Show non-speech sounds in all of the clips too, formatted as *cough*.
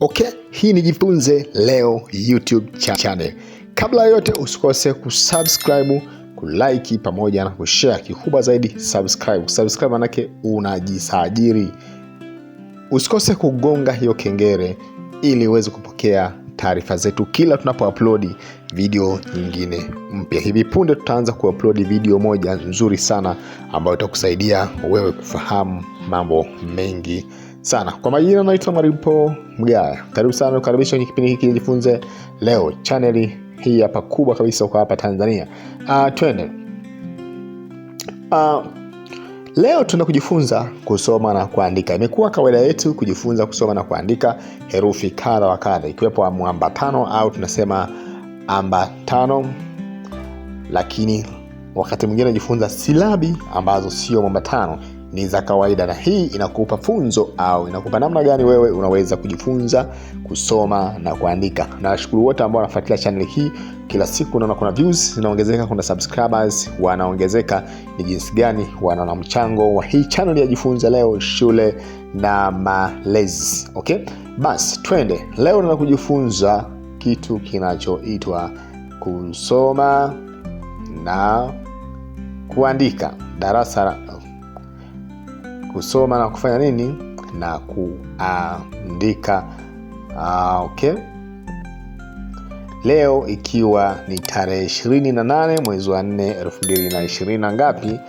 Okay, hii ni Jifunze Leo YouTube channel. Kabla ya yote, usikose kusubscribe, kulike pamoja na kushare. Kikubwa zaidi subscribe, subscribe manake unajisajili. Usikose kugonga hiyo kengele ili uweze kupokea taarifa zetu kila tunapo upload video nyingine mpya. Hivi punde tutaanza upload video moja nzuri sana ambayo itakusaidia wewe kufahamu mambo mengi sana. Kwa majina naitwa Maripo Mgaya, karibu sana, ukaribisha kwenye kipindi hiki jifunze leo, chaneli hii hapa kubwa kabisa kwa hapa Tanzania. Uh, twende uh, Leo tuna kujifunza kusoma na kuandika. Imekuwa kawaida yetu kujifunza kusoma na kuandika herufi kadha wa kadha, ikiwepo tano au tunasema ambatano, lakini wakati mwingine najifunza silabi ambazo sio mwambatano ni za kawaida, na hii inakupa funzo au inakupa namna gani wewe unaweza kujifunza kusoma na kuandika. Nawashukuru wote ambao wanafuatilia channel hii kila siku, naona kuna views zinaongezeka, kuna subscribers wanaongezeka. Ni jinsi gani wanaona mchango wa hii channel ya Leo, shule na malezi. Okay, basi twende leo na kujifunza kitu kinachoitwa kusoma na kuandika darasa kusoma na kufanya nini na kuandika uh, okay leo ikiwa ni tarehe 28 mwezi wa 4 mbili na ngapi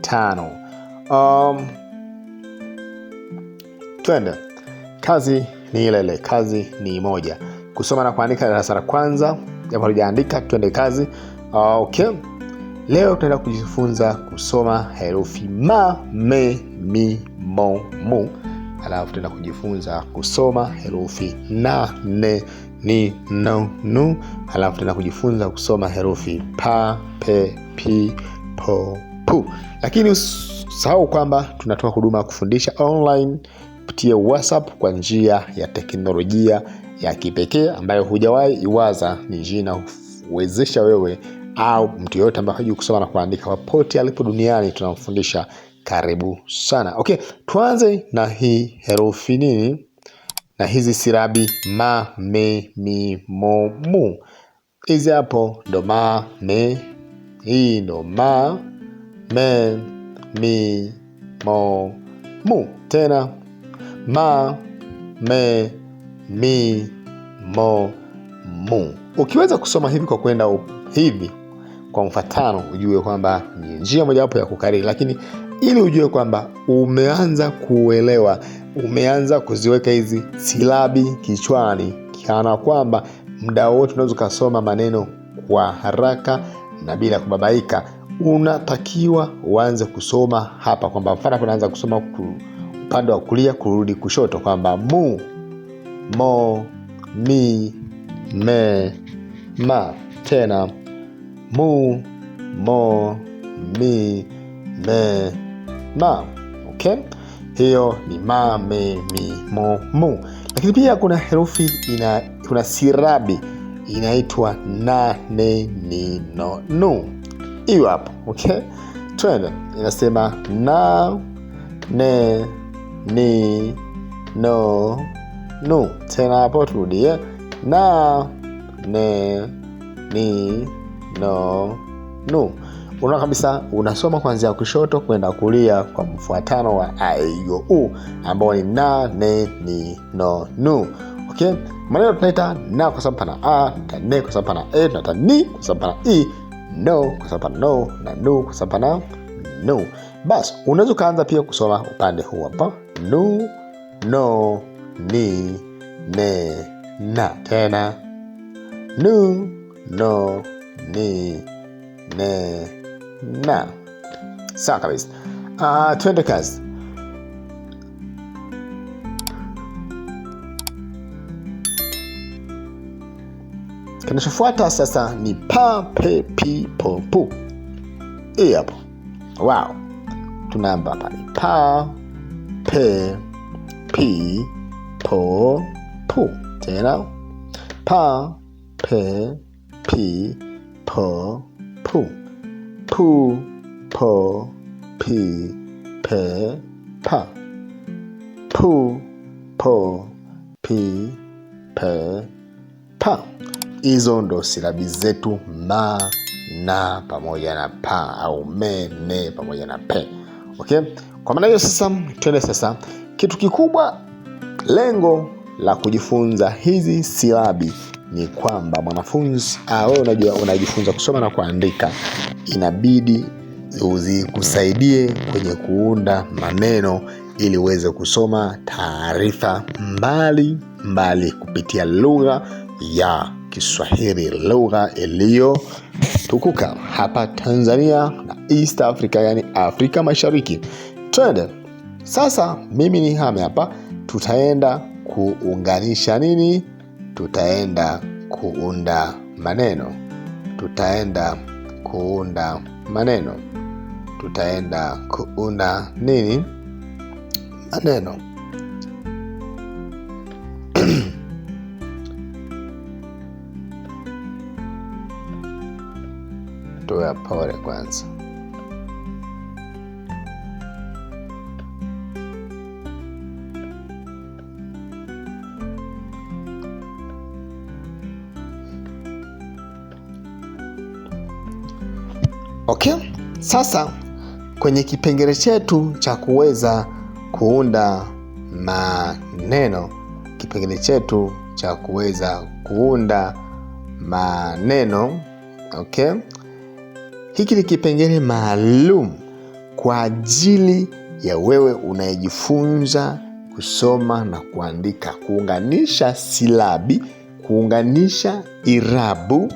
tano. um, twende kazi ni ile ile kazi ni moja kusoma na kuandika darasa la kwanza japo halijaandika twende kazi uh, okay Leo tutaenda kujifunza kusoma herufi ma, me, mi, mo, mu, alafu tutaenda kujifunza kusoma herufi na, ne, ni, no, nu, alafu tutaenda kujifunza kusoma herufi pa, pe, pi, po, pu. Lakini sahau kwamba tunatoa huduma ya kufundisha online kupitia WhatsApp kwa njia ya teknolojia ya kipekee ambayo hujawahi iwaza. Ni njia inawezesha wewe au mtu yoyote ambaye hajui kusoma na kuandika popote alipo duniani tunamfundisha karibu sana okay tuanze na hii herufi nini na hizi silabi ma me mi mo mu hizi hapo ndo ma me hii ndo ma me mi mo mu tena ma me mi mo mu ukiweza kusoma hivi kwa kwenda hivi kwa mfatano ujue kwamba ni njia mojawapo ya kukariri lakini ili ujue kwamba umeanza kuelewa umeanza kuziweka hizi silabi kichwani kana kwamba mda wote unaweza ukasoma maneno kwa haraka na bila kubabaika unatakiwa uanze kusoma hapa kwamba mfano hapo kusoma upande wa kulia kurudi kushoto kwamba mu mo mi me ma tena mu, mo, mi, me, ma. Okay? Hiyo ni ma, me, mi, mo, mu. Lakini pia kuna herufi ina, kuna sirabi inaitwa ni no nu. Hiyo hapo. Okay? Twende, inasema na ne ni no nu. Tena hapo turudie na ne ni no no unaona kabisa unasoma kuanzia kushoto kwenda kulia kwa mfuatano wa aiyouu ambao ni na ne ni no nu okay maneno tunaita na kwa sababu pana a ne kwa sababu pana e tunata ni kwa sababu pana i no kwa sababu pana no na nu kwa sababu pana nu basi unaweza ukaanza pia kusoma upande huu hapa nu no ni ne na tena nu no ni ne na. Sawa kabisa. Uh, twende kazi. Kinachofuata sasa ni pa pe pi po pu. Hii hapo. Wow. Tunaamba hapa ni pa pe pi po pu. Tena pa pe pi po pu pu po pi pe pa pu po pi pe pa. Hizo ndo silabi zetu ma, na pamoja na pa au me, ne pamoja na pe. Okay? Kwa maana hiyo sasa, twende sasa, kitu kikubwa, lengo la kujifunza hizi silabi ni kwamba mwanafunzi ah, wewe unajua unajifunza kusoma na kuandika, inabidi zikusaidie kwenye kuunda maneno ili uweze kusoma taarifa mbali mbali kupitia lugha ya Kiswahili, lugha iliyotukuka hapa Tanzania na East Africa, yani Afrika Mashariki. Twende sasa, mimi ni hame hapa, tutaenda kuunganisha nini tutaenda kuunda maneno, tutaenda kuunda maneno, tutaenda kuunda nini? Maneno. *clears throat* Tuwe pole kwanza. okay? Sasa kwenye kipengele chetu cha kuweza kuunda maneno, kipengele chetu cha kuweza kuunda maneno okay? Hiki ni kipengele maalum kwa ajili ya wewe unayejifunza kusoma na kuandika, kuunganisha silabi, kuunganisha irabu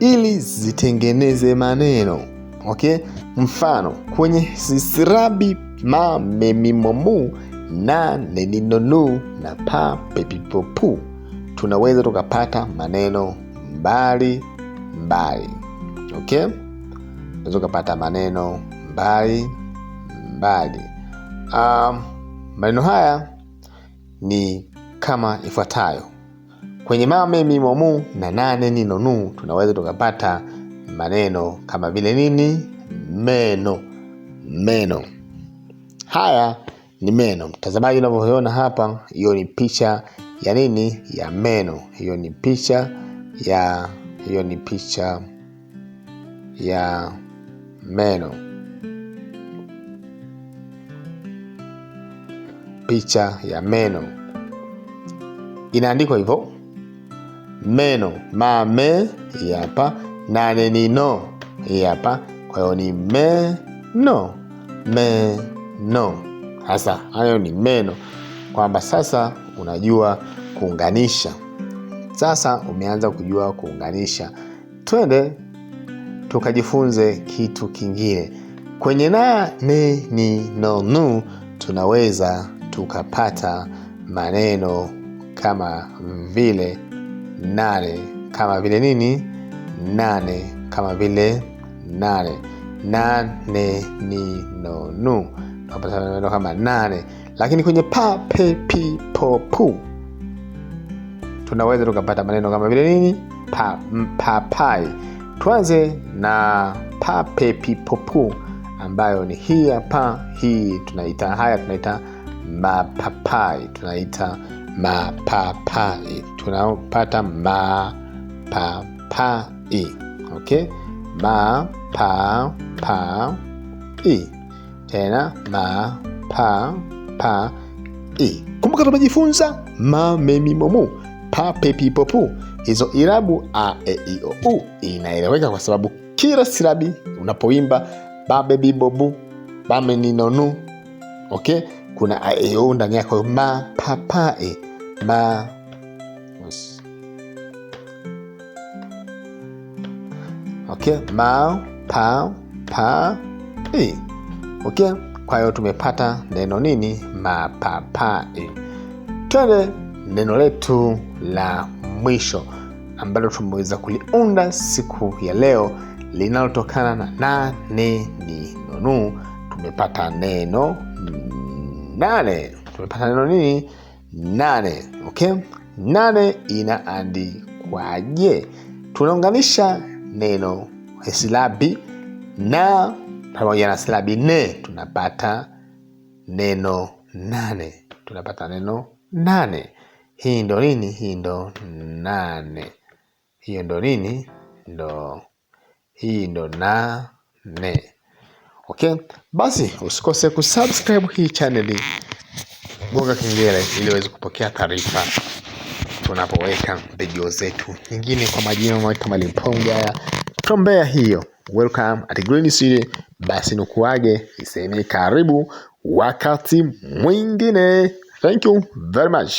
ili zitengeneze maneno okay? Mfano kwenye sisirabi ma memimomu na neninonu na pa pepipopu tunaweza tukapata maneno mbali mbali, okay? unaweza ukapata maneno mbali mbali. Um, maneno haya ni kama ifuatayo: kwenye mamemimomu na nane ninonu tunaweza tukapata maneno kama vile nini? Meno, meno. Haya ni meno. Mtazamaji, unavyoona hapa, hiyo ni picha ya nini? Ya meno. Hiyo ni picha ya, hiyo ni picha ya meno, picha ya meno inaandikwa hivyo meno mame hapa nane ni no, hii hapa. Kwa hiyo ni meno, meno. Sasa hayo ni meno, kwamba sasa unajua kuunganisha. Sasa umeanza kujua kuunganisha, twende tukajifunze kitu kingine. Kwenye nane ni nonu tunaweza tukapata maneno kama vile nane, kama vile nini? nane kama vile nane nane ni nonu tunapata neno kama nane lakini kwenye pa pe pi po pu tunaweza tukapata maneno kama vile nini pa, papai tuanze na pa pe pi po pu ambayo ni hii hapa hii tunaita haya tunaita mapapai tunaita mapapai tunapata mapapai e. Okay, ma pa pa e. Tena ma pa pa i. E. Kumbuka tumejifunza ma me mi pa pe pi po pu. Hizo irabu a e i o u inaeleweka kwa sababu kila silabi unapoimba babe bibobu bame ninonu okay, kuna a e o ndani yako ma pa pa e ma ok mao pa pa i. ok kwa hiyo tumepata neno nini? Mapapai. Twende neno letu la mwisho ambalo tumeweza kuliunda siku ya leo linalotokana na na ne ni nonu. Tumepata neno nane. Tumepata neno nini? Nane. ok nane inaandikwaje? Tunaunganisha neno silabi na pamoja na silabi ne tunapata neno nane, tunapata neno nane. Hii ndo nini? Hii ndo nane. Hiyo ndo nini? Ndo hii ndo nane. Okay, basi usikose kusubscribe hii chaneli, gonga kengele ili uweze kupokea taarifa tunapoweka video zetu nyingine kwa majina kama Limponga tombea hiyo welcome at Green City, basi nikuage iseme karibu wakati mwingine. Thank you very much.